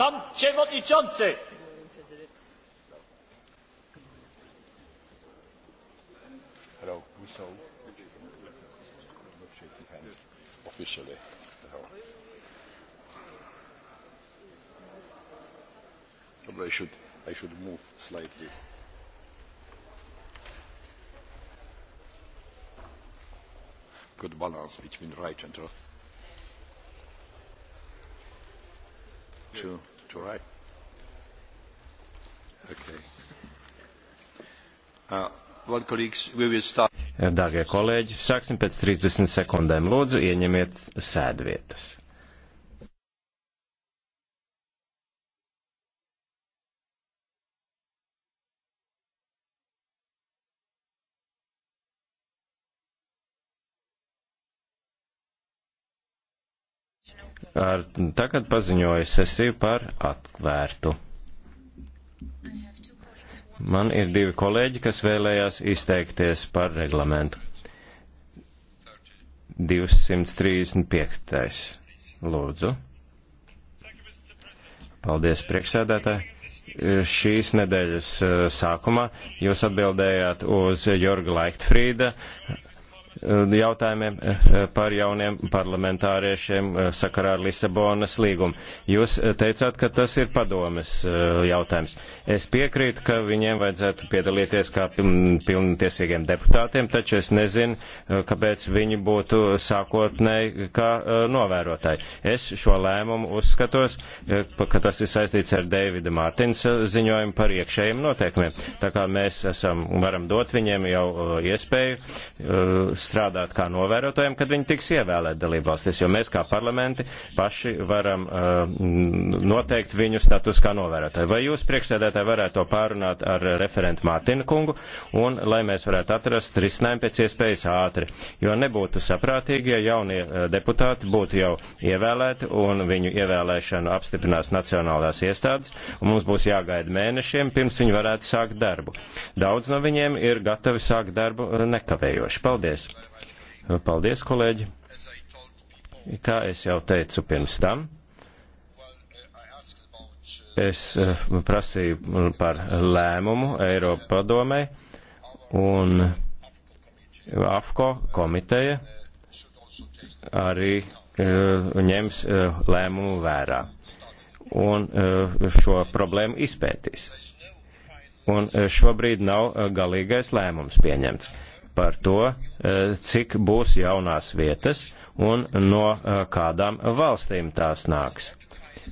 Pan Przewodniczący! Hello, we saw not shaking hands officially. Hello. Probably I should, I should move slightly. Good balance between right and left. to, to write. Okay. Uh, well, colleagues, we will start. Dārgie kolēģi, sāksim pēc 30 sekundēm. Lūdzu, ieņemiet sēdvietas. Ar, tagad paziņoju sesiju par atvērtu. Man ir divi kolēģi, kas vēlējās izteikties par reglamentu. 235. Lūdzu. Paldies, priekšsēdētāji šīs nedēļas eh, sākumā jūs atbildējāt uz Jorga Laiktfrīda Eh, jautājumiem eh, par jauniem parlamentāriešiem eh, sakarā ar Lisabonas līgumu. Jūs teicāt, ka tas ir padomes jautājums. Es piekrītu, ka viņiem vajadzētu piedalīties kā pilntiesīgiem deputātiem, taču es nezinu, kāpēc viņi būtu sākotnēji kā novērotāji. Es šo lēmumu uzskatos, ka tas ir saistīts ar Deivida Mārtinsa ziņojumu par iekšējiem noteikumiem. Tā kā mēs esam, varam dot viņiem jau iespēju strādāt kā novērotājiem, kad viņi tiks ievēlēt dalībvalstis, jo mēs kā parlamenti paši varam uh, noteikt viņu status kā novērotāji. Vai jūs priekšsēdētāji varētu to pārunāt ar referentu Mārtinu kungu un lai mēs varētu atrast risinājumu pēc iespējas ātri, jo nebūtu saprātīgi, ja jaunie uh, deputāti būtu jau ievēlēti un viņu ievēlēšanu apstiprinās nacionālās iestādes, un mums būs jāgaida mēnešiem, pirms viņi varētu sākt darbu. Daudz no viņiem ir gatavi sākt darbu uh, nekavējoši. Paldies! Paldies, kolēģi! Kā es jau teicu pirms tam, es eh, prasīju par lēmumu Eiropa padomē un AFCO komiteja arī eh, ņems eh, lēmumu vērā un šo problēmu izpētīs. Un šobrīd nav galīgais lēmums pieņemts par to, eh, cik būs jaunās vietas un no eh, kādām valstīm tās nāks.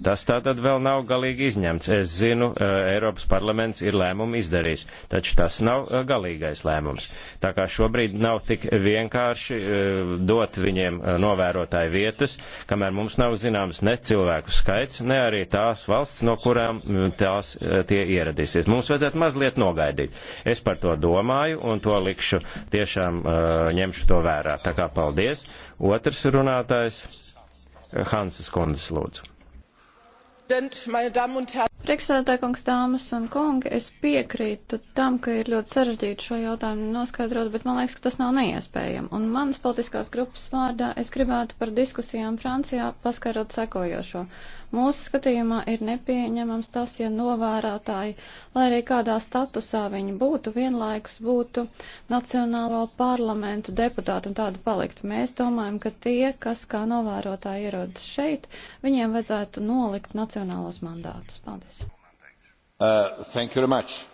Tas tātad vēl nav galīgi izņemts. Es zinu, eh, Eiropas parlaments ir lēmumu izdarījis, taču tas nav eh, galīgais lēmums. Tā kā šobrīd nav tik vienkārši eh, dot viņiem novērotāju vietas, kamēr mums nav zināms ne cilvēku skaits, ne arī tās valsts, no kurām mm, tās tie ieradīsies. Mums vajadzētu mazliet nogaidīt. Es par to domāju un to likšu tiešām ņemšu to vērā. Tā kā paldies. Otrs runātājs. Hanses kundzes lūdzu präsident meine damen und herren abgeordnete! Priekšsēdētāji kungs, dāmas un kungi, es piekrītu tam, ka ir ļoti sarežģīti šo jautājumu noskaidrot, bet man liekas, ka tas nav neiespējami. Un manas politiskās grupas vārdā es gribētu par diskusijām Francijā paskaidrot sekojošo. Mūsu skatījumā ir nepieņemams tas, ja novērātāji, lai arī kādā statusā viņi būtu, vienlaikus būtu Nacionālo parlamentu deputāti un tādu paliktu. Mēs domājam, ka tie, kas kā novērotāji ierodas šeit, viņiem vajadzētu nolikt nacionālos mandātus. Paldies! Paldies! Uh, thank you very much!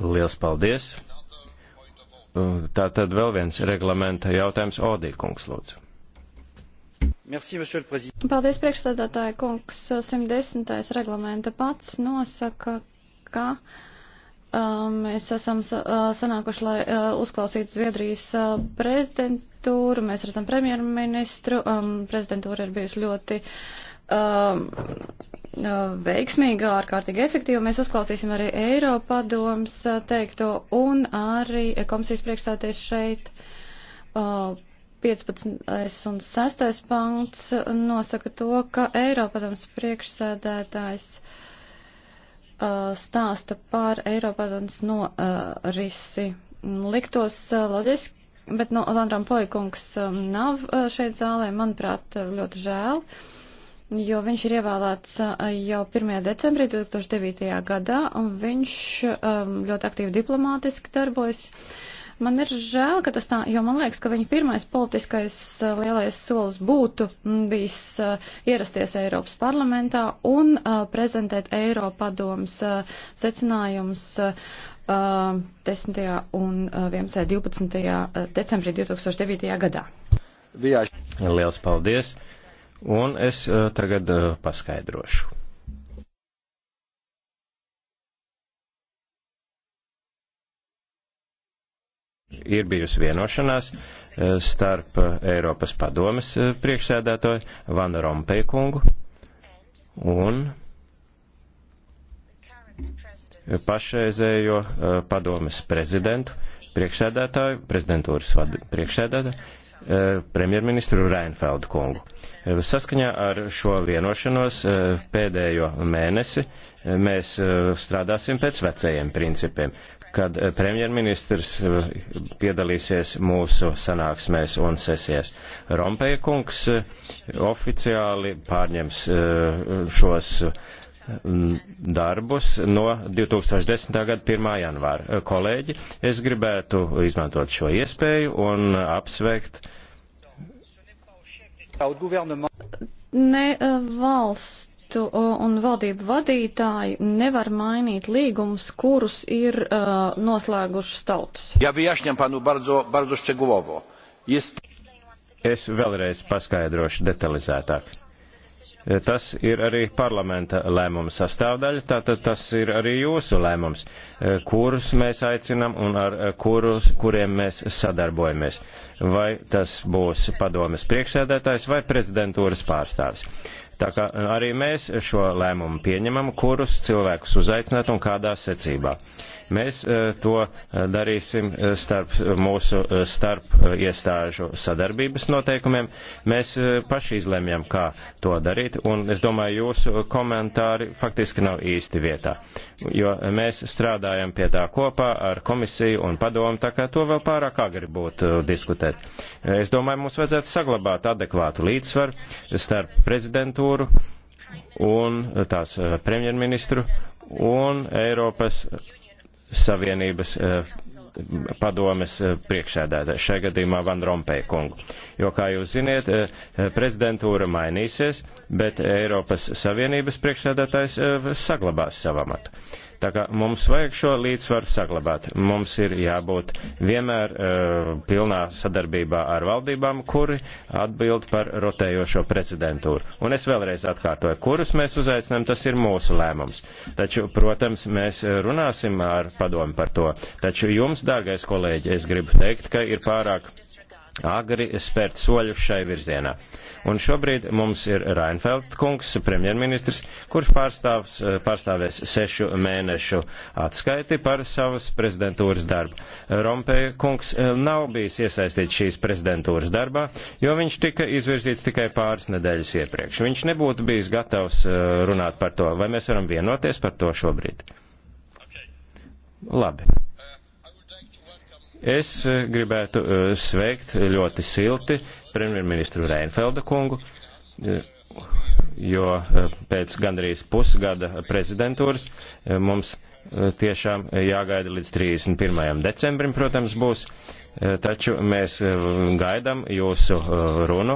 Liels paldies! Uh, tā tad vēl viens reglamenta jautājums Odīkungs, lūdzu. Merci, Paldies, priekšsēdētāja kungs. 110. reglamenta pats nosaka, ka um, mēs esam uh, sanākuši, lai uh, uzklausītu Zviedrijas uh, prezidentūru. Mēs redzam premjerministru. Um, prezidentūra ir bijusi ļoti uh, um, uh, veiksmīga, ārkārtīgi efektīva. Mēs uzklausīsim arī Eiropadoms uh, teikto un arī komisijas priekšstāties šeit. Uh, 15. un 6. pants nosaka to, ka Eiropadoms priekšsēdētājs uh, stāsta par Eiropadoms norisi. Uh, Liktos uh, loģiski, bet no Landram Poikungs um, nav šeit zālē, manuprāt, ļoti žēl. Uh, jo viņš ir ievēlēts uh, jau 1. decembrī 2009. gadā, un viņš um, ļoti aktīvi diplomātiski darbojas. Man ir žēl, ka tas tā, jo man liekas, ka viņa pirmais politiskais uh, lielais solis būtu mm, bijis uh, ierasties Eiropas parlamentā un prezentēt Eiropadomas secinājumus 10. Um, un 11. 12. decembrī 2009. gadā. Liels paldies! un es eh, tagad eh, paskaidrošu. Ir bijusi vienošanās eh, starp Eiropas padomes priekšsēdētoju Vanu Rompeikungu un pašreizējo padomes prezidentu, priekšsēdētāju, prezidentūras priekšsēdētāju, Eh, premjerministru Reinfeldu kungu. Eh, saskaņā ar šo vienošanos eh, pēdējo mēnesi mēs strādāsim pēc vecajiem principiem, kad premjerministrs piedalīsies mūsu sanāksmēs un sesijās. Rompeja kungs oficiāli pārņems šos darbus no 2010. gada 1. janvāra. Kolēģi, es gribētu izmantot šo iespēju un apsveikt. Ne eh, valstu eh, un valdību vadītāji nevar mainīt līgumus, kurus ir uh, noslēgušas tautas. Ja vyjaśniam panu bardzo, bardzo szczegółowo. Jest... Es vēlreiz paskaidrošu detalizētāk Tas ir arī parlamenta lēmuma sastāvdaļa, tātad tas ir arī jūsu lēmums, e, kurus mēs aicinam un ar e, kurus, kuriem mēs sadarbojamies. Vai tas būs padomes priekšsēdētājs vai prezidentūras pārstāvis. Tā kā arī mēs šo lēmumu pieņemam, kurus cilvēkus uzaicināt un kādā secībā. Mēs eh, to eh, darīsim eh, starp mūsu starp iestāžu sadarbības noteikumiem. Mēs paši izlemjam, kā to darīt, un es domāju, jūsu komentāri faktiski nav īsti vietā, jo mēs strādājam pie tā kopā ar komisiju un padomu, tā kā to vēl pārāk agri būtu diskutēt. Es domāju, mums vajadzētu saglabāt adekvātu līdzsvaru starp prezidentu prezidentūru un eh, tās eh, premjerministru un Eiropas Savienības eh, padomes priekšēdētāju, šajā gadījumā Van Rompēja kungu. Jo, kā jūs ziniet, prezidentūra mainīsies, bet Eiropas Savienības priekšēdētājs saglabās savu amatu. Tā kā mums vajag šo līdzsvaru saglabāt. Mums ir jābūt vienmēr uh, pilnā sadarbībā ar valdībām, kuri atbild par rotējošo prezidentūru. Un es vēlreiz atkārtoju, kurus mēs uzaicinām, tas ir mūsu lēmums. Taču, protams, mēs eh, runāsim ar padomu par to. Taču jums, dārgais kolēģi, es gribu teikt, ka ir pārāk agri spērt soļus šai virzienā. Un šobrīd mums ir Reinfeldt kungs, premjerministrs, kurš pārstāvs, eh, pārstāvēs sešu mēnešu atskaiti par savas prezidentūras darbu. Rompeja kungs eh, nav bijis iesaistīts šīs prezidentūras darbā, jo viņš tika izvirzīts tikai pāris nedēļas iepriekš. Viņš nebūtu bijis gatavs eh, runāt par to, vai mēs varam vienoties par to šobrīd. Labi. Es eh, gribētu eh, sveikt ļoti silti premjerministru Reinfelda kungu, eh, jo pēc gandrīz pusgada prezidentūras mums tiešām jāgaida līdz 31. decembrim, protams, būs, taču mēs gaidam jūsu runu